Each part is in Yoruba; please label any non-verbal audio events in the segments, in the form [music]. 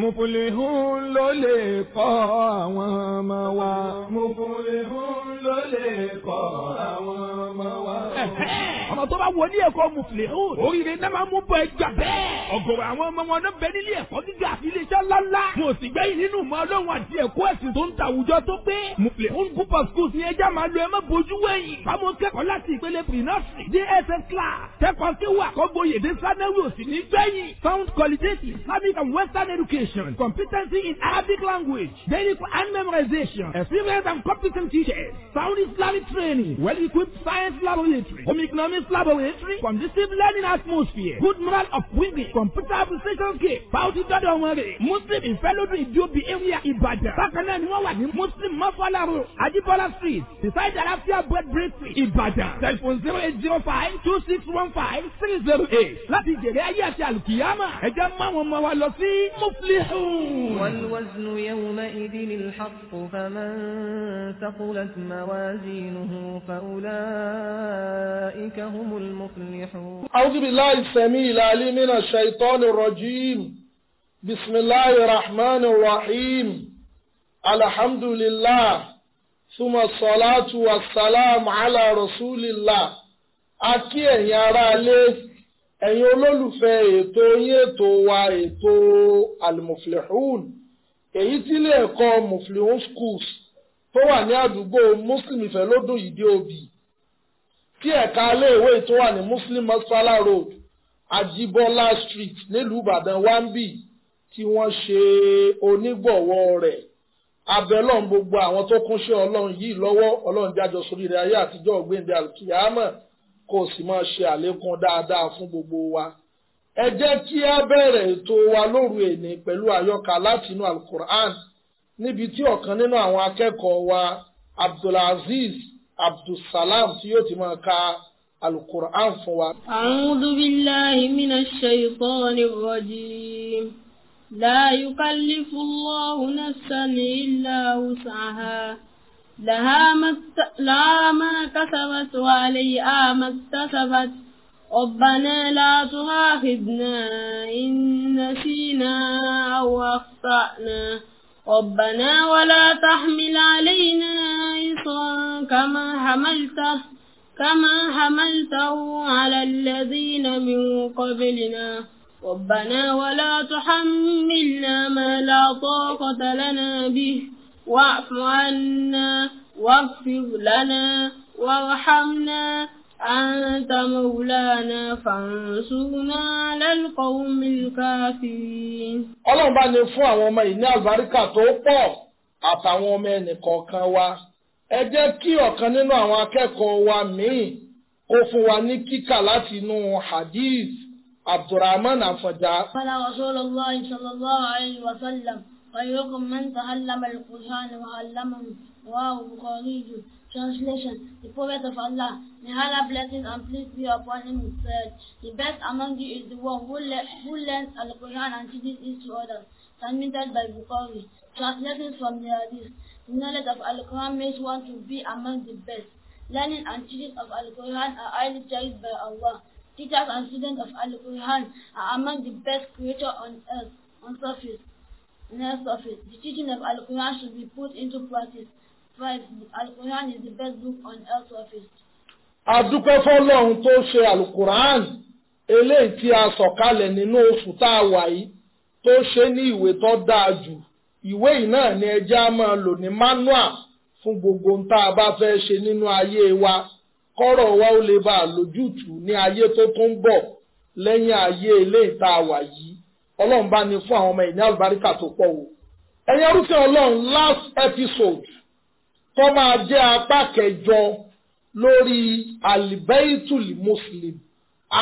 mupulihun ló lè kọ́ àwọn ọmọ wa. mupulihun ló lè kọ́ àwọn ọmọ wa. [laughs] ọmọ tó bá wọlé ẹ̀kọ́ muflihun. oríire náà máa mú bọ ẹja bẹ́ẹ̀. ọ̀gọ̀rọ̀ àwọn ọmọ wọn náà bẹ nílé ẹ̀kọ́ gíga àti iléeṣẹ́ ńláńlá. mo sì gbẹ́yìn nínú ìmọ̀ ọlọ́run àti ẹ̀kọ́ ẹ̀sìn tó ń ta àwùjọ tó pé. muflihun gúpọ̀ schools ni ẹja máa lo ẹ má bojú wẹ̀yìn. báwo kẹ́kọ̀ọ́ láti ìpele pre-nursery dss class. kẹ́kọ̀ọ́ kéwù àkọ́gbóyèdè sanẹ́wì òsì ní gbẹ̀yìn. sound qualitative Islamic and Western education competency in Arabic language daily Quran memorization experience and competent teachers sound Islamic training, well-equipped science laboratory, home economics laboratory, conducive learning atmosphere, good moral of women, computer application kit, bounty dọ́dọ̀ wọn rè. Muslim ìfẹ́lódún ìdíòbí area Ìbàdàn. Bákan náà ni wọ́n wà ní Muslim Mọ́fọ́lá road, Ajibola street, beside Alafia bread bakery, Ibadan? Telephone zero eight zero five two six one five three zero eight. Láti jèrè ayé àti àlùkìyámà, ẹ jẹ́ mú àwọn ọmọ wa lọ sí Muflihun. Wal waznu yawma idin al-haqq faman thaqulat ma موازينه فأولئك هم المفلحون أعوذ بالله السميع العليم من الشيطان الرجيم بسم الله الرحمن الرحيم الحمد لله ثم الصلاة والسلام على رسول الله akí ẹ̀yin aráalé ẹ̀yin olólùfẹ́ ètò yín ètò wa ètò almuflihun èyí tí ilé ẹ̀kọ́ muflihun schools tó wà ní àdúgbò muslim ìfẹ́lódùn ìdí òbí tí ẹ̀ka iléèwé tó wà ní muslim masfala road ajibola street nílùú ìbàdàn wambi tí wọ́n ṣe onígbọ̀wọ́ rẹ̀ abẹ́ ọlọ́run gbogbo àwọn tó kúnṣẹ́ ọlọ́run yìí lọ́wọ́ ọlọ́run jájọ sórí rẹ̀ ayé àtijọ́ ọ̀gbẹ́ndẹ àlùkìyàmọ̀ kò sì máa ṣe àlékún dáadáa fún gbogbo wa ẹ jẹ́ kí a bẹ̀rẹ̀ ètò wa lóru èní pẹ̀lú àyọkà látinú alukur'an níbi tí ọ̀kan nínú àwọn akẹ́kọ̀ọ́ wa abdulaziz abdulsalam tí yóò ti máa ka alukur'an fún wa. a'udhu billahi minash shaytanir rajim la yukallifu allahu nafsan illa wus'aha laha ma kasabat wa alayha ma iktasabat. ربنا لا تؤاخذنا إن نسينا أو أخطأنا ربنا ولا تحمل علينا إصرا كما حملته كما حملته على الذين من قبلنا ربنا ولا تحملنا ما لا طاقة لنا به واعف عنا واغفر لنا وارحمنا أنت مولانا فانصرنا على القوم الكافرين. ọlọ́run bá ní fún àwọn ọmọ yìí ní àlùbáríkà tó pọ̀ àtàwọn ọmọ ẹnìkọ̀ọ̀kan wa ẹ jẹ́ kí ọ̀kan nínú àwọn akẹ́kọ̀ọ́ wa míì kó fún wa ní kíkà láti inú hadith abdulrahman afọjá. قال رسول الله صلى الله عليه وسلم خيركم من تعلم القرآن وعلمه رواه البخاري. Translation The Prophet of Allah, may Allah blessings and peace be upon him, said, The best among you is the one who, le who learns Al-Quran and teaches it to others, transmitted by Bukhari. Translated from the Hadith, the knowledge of Al-Quran makes one to be among the best. Learning and teaching of Al-Quran are highly cherished by Allah. Teachers and students of Al-Quran are among the best creatures on earth, on surface, on earth surface. The teaching of Al-Quran should be put into practice. five alukoran is the best book on health office. adúpẹ́ fọlọ́run tó ṣe alukoran eléyìí tí a sọ̀kalẹ̀ nínú oṣù tá a wà yìí tó ṣe ní ìwé tó dáa jù ìwé yìí náà ni ẹjẹ́ á máa lò ní manual fún gbogbo ohun tá a bá fẹ́ ṣe nínú ayé wa kọ́rọ̀ wa ó lè bá a lójútùú ní ayé tó tún bọ̀ lẹ́yìn ayé eléyìí tá a wà yìí ọlọ́run bá ní fún àwọn ọmọ ẹ̀ ní àlùbáríkà tó pọ̀ wò ẹ̀yin arúfẹ́ ọlọ́run last episode kó máa jẹ́ apá kẹjọ lórí alibaitul muslim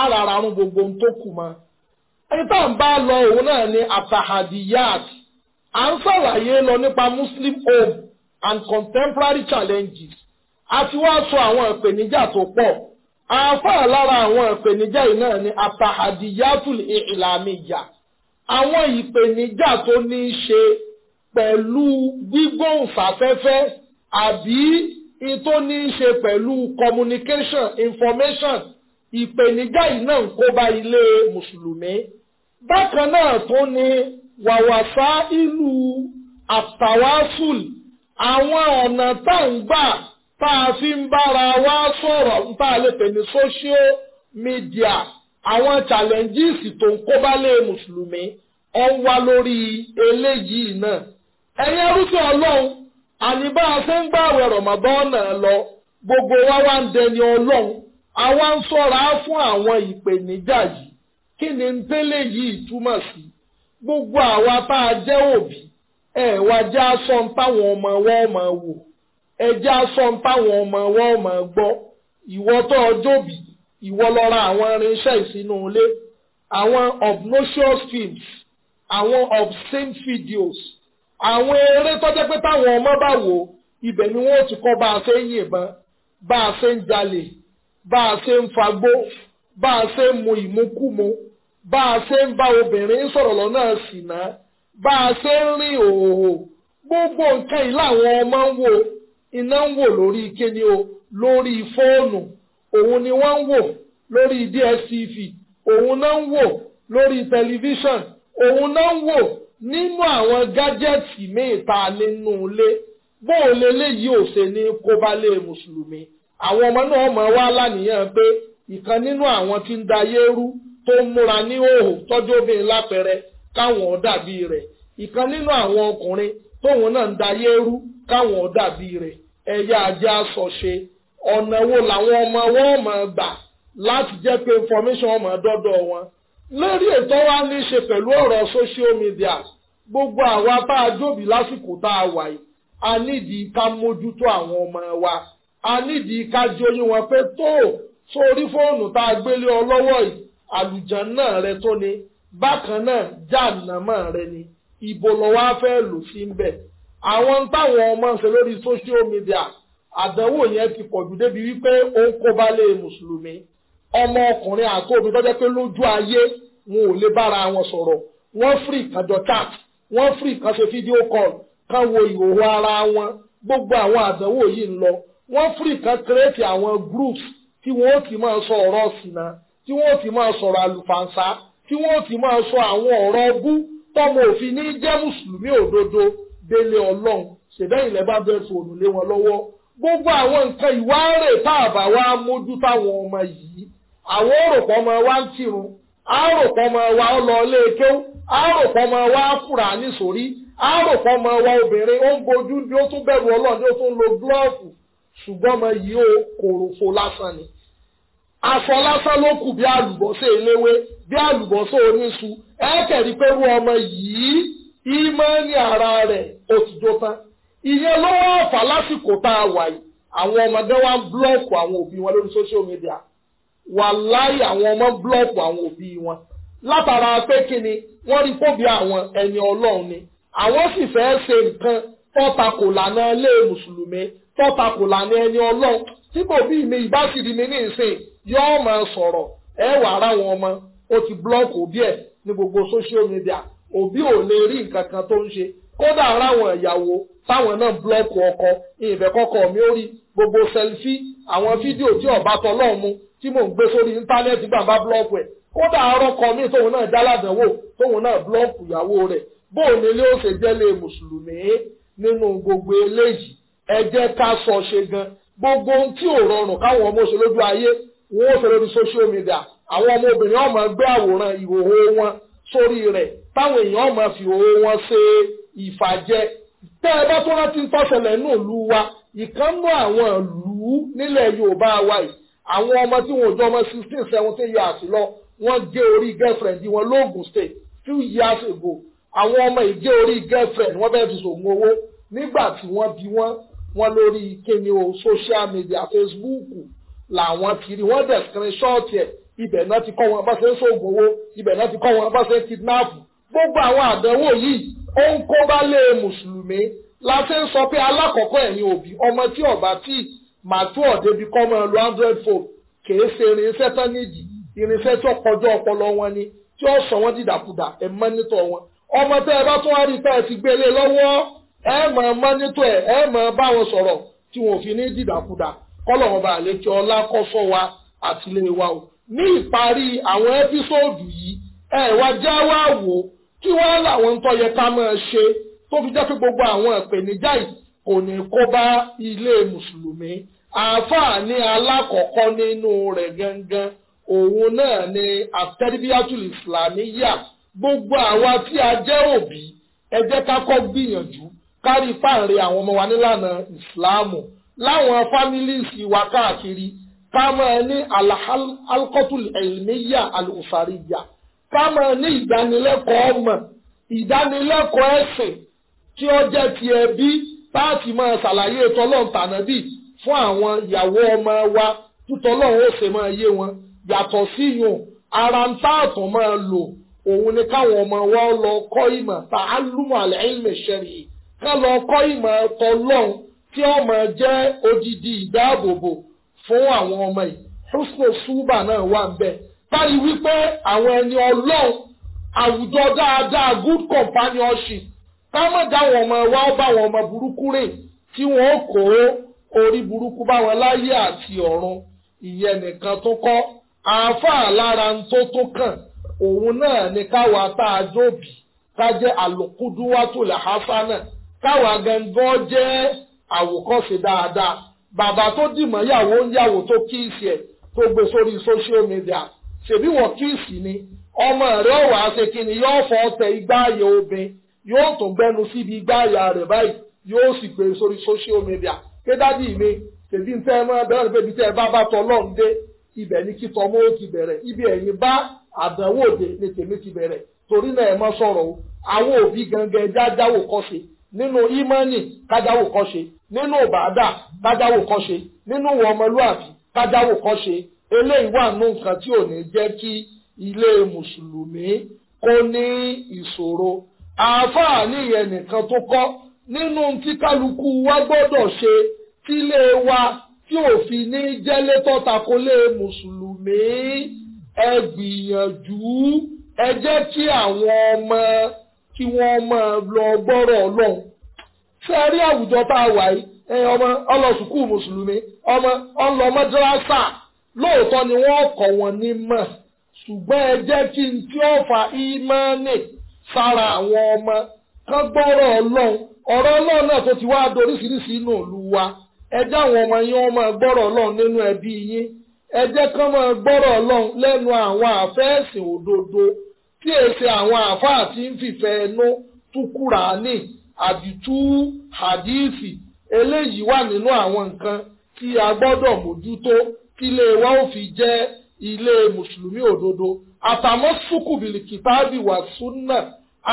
àràrà àrùn gbogbo tó kù mọ́ ẹni tá à ń bá lọ òun náà ni atahadiyat à ń ṣàlàyé lọ nípa muslim home and contemporary challenges a ti wá sọ àwọn ìpèníjà tó pọ̀ àáfàá lára àwọn ìpèníjà yìí náà ni atahadiyatul ìlàmìyà àwọn ìpèníjà tó ní í ṣe pẹ̀lú gbígbóhùnsáfẹ́fẹ́ àbí in tó ní í ṣe pẹ̀lú communication information ìpèníjà yìí náà ń kó bá ilé mùsùlùmí bákan náà tó ní wàwàsá ìlú àtàwásùl àwọn ọ̀nà tá à ń gbà tá a fi ń bára wa sọ̀rọ̀ ń tá lè pè ní social media àwọn challenges tó ń kó bá lé mùsùlùmí ọ̀n wá lórí eléyìí náà ẹ̀yin arúgbó ọlọ́run àníbá ṣe ń gbàwẹ̀ rọ̀mọ̀bọ́nà lọ gbogbo wa wá ń dẹni ọlọ́run àwa ń sọ̀ra fún àwọn ìpèníjà yìí kí ni ń tẹ́lẹ̀ yìí túmọ̀ sí gbogbo àwa tá a jẹ́ òbí ẹ̀ wá já sọ ń táwọn ọmọ wọn máa wò ẹ̀ já sọ táwọn ọmọ wọn máa gbọ́ ìwọ tó ọjọ́ ìwọ lọ àwọn irinṣẹ́ ìsinú ilé àwọn obnoxious films àwọn obscene videos àwọn eré tọ́jẹ́ pé táwọn ọmọ bá wò ibẹ̀ ni wọ́n ti kọ́ bá a ṣe ń yìnbọn bá a ṣe ń jalè a ṣe ń fagbó a ṣe ń mu ìmúkúmu bá a ṣe ń bá obìnrin sọ̀rọ̀ lọ́nà ṣìnà bá a ṣe ń rìn gbogbo nǹkan yìí làwọn ọmọ ń wò iná ń wò lórí kíni o lórí ni wọ́n ń wò DSTV òun náà ń wò lórí tẹlifíṣàn òun náà nínú àwọn gájẹ́tì míì nínú ilé bó o ò ṣe ní kóbálé mùsùlùmí àwọn ọmọ náà mọ̀ wá lánìyàn pé ìkan nínú àwọn tí ń dayé rú tó ń múra ní òhò tọ́jú obìnrin lápẹẹrẹ káwọn bí rẹ̀ ìkan nínú àwọn ọkùnrin tóun náà ń dayé rú káwọn bí rẹ̀ ẹ̀yà ajá sọ̀ṣe ọ̀nà wo làwọn ọmọ wọn mọ̀ gbà láti jẹ́ pé information ọmọ dọ́dọ̀ wọn lórí ètò wa ní í ṣe pẹ̀lú ọ̀rọ̀ social media gbogbo àwa tá a jóbi lásìkò tá a wà yìí a nídìí ká mójútó àwọn ọmọ wa a nídìí ká jóyún wọn pé tó sórí fóònù tá a gbélé ọ lọ́wọ́ yìí àlùjàn náà rẹ tó ni bákan náà jáànàmọ́ rẹ ni ibo lọ wá fẹ́ lò sí ń bẹ̀ àwọn táwọn ọmọ ń ṣe lórí social media àdánwò yẹn ti pọ̀jù débi wípé ó ń kó bá lé mùsùlùmí ọmọ ọkùnrin àti obìnrin tó jẹ́ pé lójú ayé wọn ò lè bára wọn sọ̀rọ̀ wọ́n free kan jọ chat wọ́n free kan ṣe fídíò call kan wo ìhòòhò ara wọn gbogbo àwọn àdánwò yìí ń lọ wọ́n free kan create àwọn groups tí wọ́n ó ti máa sọ ọ̀rọ̀ ṣìnà tí wọ́n ó ti máa sọ̀rọ̀ àlùfàǹsá tí wọ́n ó ti máa sọ àwọn ọ̀rọ̀ bú tọmọ òfin ní jẹ́ mùsùlùmí òdodo délé ọlọ́run ṣèbẹ́yìn lẹ́ bá bẹ́ẹ̀ sọ òrùlé wọn lọ́wọ́ gbogbo àwọn nǹkan ìwárè tá àbá wa mójú táwọn ọmọ yìí àwọn òròpọ̀ ọmọ wa ń kírun àròpọ̀ ọmọ wa ó lọ ilé kéwú àròpọ̀ ọmọ wa á fura ní sórí àròpọ̀ ọmọ wa obìnrin ó ń bojú bí ó tún bẹ̀rù lo ṣùgbọ́n ọmọ yìí ó kòròfo lásán ni aṣọ lásán ló kù bí àlùbọ́sẹ̀ eléwé bí àlùbọ́sẹ̀ oníṣu ẹ kẹ̀rí pé ara rẹ̀ ó ti jó tán ìyẹn wa ń àwọn òbí wọn lórí social wàláì àwọn ọmọ búlọ̀kù àwọn òbí wọn látara pé kí ni wọ́n rí kóbi àwọn ẹni ọlọ́run ni àwọn sì fẹ́ ṣe nǹkan tọ́takò lànà ilé mùsùlùmí tọ́takò lànà ẹni ọlọ́run tí kò bí mi ìbá sì rí mi ní ìsìn yóò máa sọ̀rọ̀ ẹ wàá ráwọn ọmọ ó ti búlọ̀kù òbí ẹ̀ ní gbogbo social media òbí ò lè rí nǹkan kan tó ń ṣe kódà ráwọn ìyàwó táwọn náà búlọ́ọ̀kù ọkọ ìfẹ́ kọ́kọ́ mi ó rí gbogbo sẹlfí àwọn fídíò tí ọ̀bá tọlọ́ọ̀ mu tí mò ń gbé sórí íńtánẹ́ẹ̀tì gbàǹbá búlọ́ọ̀kù ẹ̀ kódà àárọ̀ kan mí tóun náà jáládánwò tóun náà búlọ́ọ̀kù ìyàwó rẹ̀ bóun nílé ó ṣe jẹ́lẹ̀ mùsùlùmí nínú gbogbo eléyìí ẹ jẹ́ ká sọ ṣe gan gbogbo ohun tí ò rọrùn káwọn ọmọ ṣe lójú ayé wọn ó ṣe lórí social media àwọn ọmọ obìnrin ọmọ gbé àwòrán ìhòòhò wọn sórí rẹ̀ táwọn èèyàn ọmọ fi ìhòòhò wọn ṣe ìfàjẹ tẹ́ ẹ bá tó rántí ń tọ́sẹ̀lẹ̀ nù lù wa ìkànnú àwọn ìlú nílẹ̀ Yorùbá wa yìí àwọn ọmọ tí wọn ò jọ ọmọ sixteen seventeen years lọ wọ́n gé orí girlfriend wọn lóògùn state two years ago àwọn ọmọ ìgé orí girlfriend wọ́n bẹ́ẹ̀ fi sògùn owó nígbà tí wọ́n bí wọ́n wọ́n lórí kíni o social media facebook làwọn ti rí wọ́n dẹ̀ screenshot ẹ̀ ibẹ̀ náà ti kọ́ wọn bá ṣe ń sògùn owó ibẹ̀ náà ti kọ́ wọn bá ṣe ń kidnap gbogbo àwọn àdánwò yìí ó ń kó bá lé mùsùlùmí la ṣe ń sọ pé alákọ̀ọ́kọ́ ẹ̀yin òbí ọmọ tí ọ̀bá tí màtú ọ̀dẹ́ bí kọ́ máa lo hundred fold kìí ṣe irinṣẹ́ tán nídìí irinṣẹ́ tí ó kọjú ọpọlọ wọn ni tí ó sọ wọn dìdàkudà ẹ̀ mọ́nítọ̀ wọn ọmọ tẹ́ ẹ bá tún wá rí tẹ́ ẹ ti gbélé lọ́wọ́ ẹ mọ̀ mọ́nítọ̀ ẹ ẹ mọ̀ bá wọn sọ̀rọ̀ tí wọn ò fi ní dìdàkudà kọ́lọ̀ wọn bá lè kí ọlá kọ́ fọ́ wa àtìlẹ́yìn wa o ní ìparí àwọn ẹ́písòòdù yìí ẹ wá já wá wò kí wọ́n láwọn ń tọ́ yẹ ká máa ṣe tó fi jẹ́ pé gbogbo àwọn ìpèníjà yìí kò ní kó bá ilé mùsùlùmí àǹfààní alákọ̀ọ́kọ́ nínú rẹ̀ gangan òun náà ni àtẹ́rìbíyàtúlù islamiyya gbogbo àwa tí a jẹ́ òbí ẹ jẹ́ ká kọ́ gbìyànjú kárí páàrin àwọn ọmọ wa nílànà ìsìláàmù láwọn fámílìsì wa káàkiri ká máa ní alkọ́tùl ẹ̀lmíyà alùsàríyà ká máa ní ìdánilẹ́kọ̀ọ́ ọmọ ìdánilẹ́kọ̀ọ́ ẹ̀sìn tí ó jẹ́ ti ẹbí táàtì máa ṣàlàyé tọ́lọ́n tànábì fún àwọn ìyàwó ọmọ wa tútọ́lọ́n ó ṣe máa yé wọn yàtọ̀ sí yùn ara ń táàtàn máa lò òun ni káwọn ọmọ wa lọ kọ́ ìmọ̀ ta'allumu al-ilmi shar'i ká lọ kọ́ ìmọ̀ tọ́lọ́n tí ó máa jẹ́ odidi ìdáàbòbò fún àwọn ọmọ yìí húsnù súbà náà wà ń bẹ̀ báyìí wípé àwọn ẹni ọlọ́run àwùjọ dáadáa good companionship ká má dáwọn ọmọ wa ó bá wọn ọmọ burúkú rè tí wọn ó kó orí burúkú bá wọn láyé àti ọ̀run ìyẹn nìkan tó kọ́ àáfàá lára ń tó tó kàn òun náà ni káwa tá a jóòbí ká jẹ́ àlòkúdúwátò làhásánà káwa gangan jẹ́ àwòkọ́ṣe dáadáa bàbá tó dìmọ̀ yàwó ń yàwó tó kíìsì ẹ̀ tó gbé sórí social media ṣèbí wọn kíìsì ni ọmọ rẹ̀ ọ̀wà ṣe kí yóò fọ́ tẹ igbá ayé obìnrin yóò tó gbẹnu síbi gbáàyà rẹ̀ báyìí yóò sì gbé e sórí social media pé dádì mi tèmi ń tẹ́ ẹ máa bẹ̀rẹ̀ bẹ́ẹ̀ bí tẹ́ ẹ bá bá tọ́ lọ́n dé ibẹ̀ ni kí tọmọ ó ti bẹ̀rẹ̀ ibi ẹ̀yìn bá àdánwò dé ni tèmi ti bẹ̀rẹ̀ torí náà ẹ má sọ̀rọ̀ o àwọn òbí gangan ẹja jáwò kọ́ ṣe nínú ímánì kájáwò kọ́ ṣe nínú ìbádà kájáwò kọ́ ṣe nínú ìwà kájáwò kọ́ ṣe eléyìí wà nù nǹkan tí ò ní jẹ́ kí ilé mùsùlùmí kó ní ìṣòro àáfàá nìyẹn nìkan tó kọ́ nínú tí kálukú wa gbọ́dọ̀ ṣe tílé wa tí òfin ní jẹ́lé tọ́takólé mùsùlùmí ẹ gbìyànjú ẹ jẹ́ kí àwọn ọmọ kí wọ́n máa lọ gbọ́rọ̀ ọlọ́run ṣé rí àwùjọ tá a wà yìí ọmọ ọlọ mùsùlùmí ọmọ ọlọ lóòótọ́ ni wọ́n kọ́ wọn ní mọ̀ ṣùgbọ́n ẹ jẹ́ kí n tí ó fa ìmọ̀ nìyí sára àwọn ọmọ kán gbọ́rọ̀ ọlọ́run ọ̀rọ̀ ọlọ́run náà tó ti wá doríṣiríṣi inú ìlú wa ẹ jẹ́ àwọn ọmọ yín wọ́n máa gbọ́rọ̀ ọlọ́run nínú ẹbí yín ẹ jẹ́ kán máa gbọ́rọ̀ ọlọ́run lẹ́nu àwọn àfẹ́ẹ̀sìn òdodo tí èsì àwọn àáfàá ti ń fìfẹ́ ẹnu tú kúránì àbí tú eléyìí wà nínú àwọn nǹkan tí a gbọ́dọ̀ mójútó kí ilé wa ó fi jẹ́ ilé mùsùlùmí òdodo àtàmọ́sùkùbìlì kìtàbí wà súnà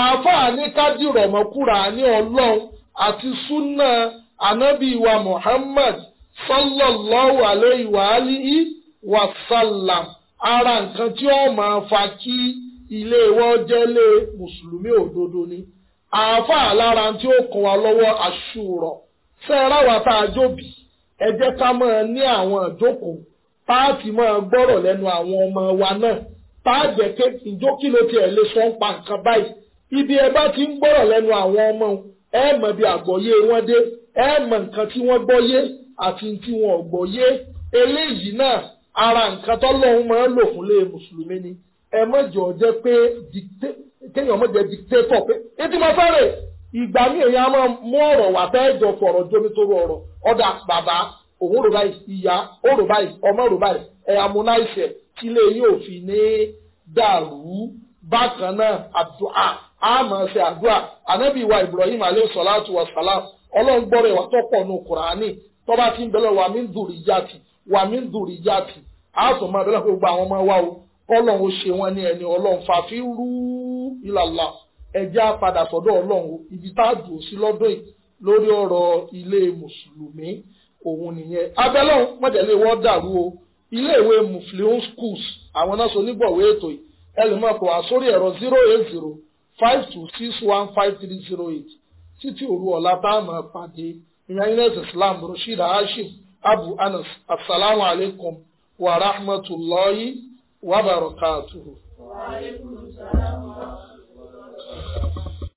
àáfàá ní kájìrọ̀ mọ́kúra ní ọlọ́run àti súnà wa Muhammad sallallahu alayhi wa alihi wa sallam ara nǹkan tí ó máa fa kí ilé wọn jẹ́lé mùsùlùmí òdodo ni àáfàá lára tí ó kàn wá lọ́wọ́ àṣùrọ̀ sẹ́ẹ̀rá wa tá a jóbi ẹ jẹ́ ká máa ní àwọn ìjókòó táàtì máa gbọ́rọ̀ lẹ́nu àwọn ọmọ wa náà táàjẹ́ pé ìjókìlótì ẹ̀ lè sọ ń pa nǹkan báyìí ibi ẹ bá ti ń gbọ́rọ̀ lẹ́nu àwọn ọmọ ẹ mọ̀ bí àgbọ́yé wọn dé ẹ mọ̀ nǹkan tí wọ́n gbọ́yé àti tí wọn ò gbọ́yé eléyìí náà ara nǹkan tọ́lọ́run máa ń lò fúnlé mùsùlùmí ni ẹ mọ̀jọ̀ jẹ́ pé kéèyàn mọ̀jẹ̀ dictator pé etí mo fẹ́rẹ̀ ìgbà mi èèyàn á máa mú ọ̀rọ̀ wà fẹ́ jọ fọ̀rọ̀ jómi tó rọ ọ̀rọ̀ ọ̀dà bàbá òun rò báyìí ìyá ó rò báyìí ọmọ rò báyìí ẹ̀ amúnáìsẹ̀ tílé yóò fi ní dàrú bákan náà àdúrà a máa ṣe àdúrà ànábì wa Ibrahim aleyhi salatu wa salam ọlọ́run gbọ́rọ̀ ìwà tó pọ̀ nù kùránì tọ́ba ti ń bẹ̀rẹ̀ wà mí ń dùrì jáàtì wà mí ń dùrì jáàtì a sọ máa bẹ̀rẹ̀ pé gbogbo àwọn ọmọ wa o ọlọ́run ó ṣe wọ́n ní ẹni ọlọ́run fàfi rú ìlàlà ẹjẹ́ àpadà sọ́dọ̀ ọlọ́run ibi tá a dùn sí lọ́dọ̀ yìí lórí ọ̀rọ̀ ilé mùsùlùmí òun nìyẹn abẹ́lọ́run o ilé ìwé mufleon schools àwọn náà so nígbọ̀wé ètò yìí ẹ lè mọ̀ zero eight zero five two six one five three zero eight títí òru ọ̀la tá a máa pàdé ìrìnàjò islam rasheed hashim abu anas asalaamu alaykum wa rahmatulahi wa barakatuhu. wa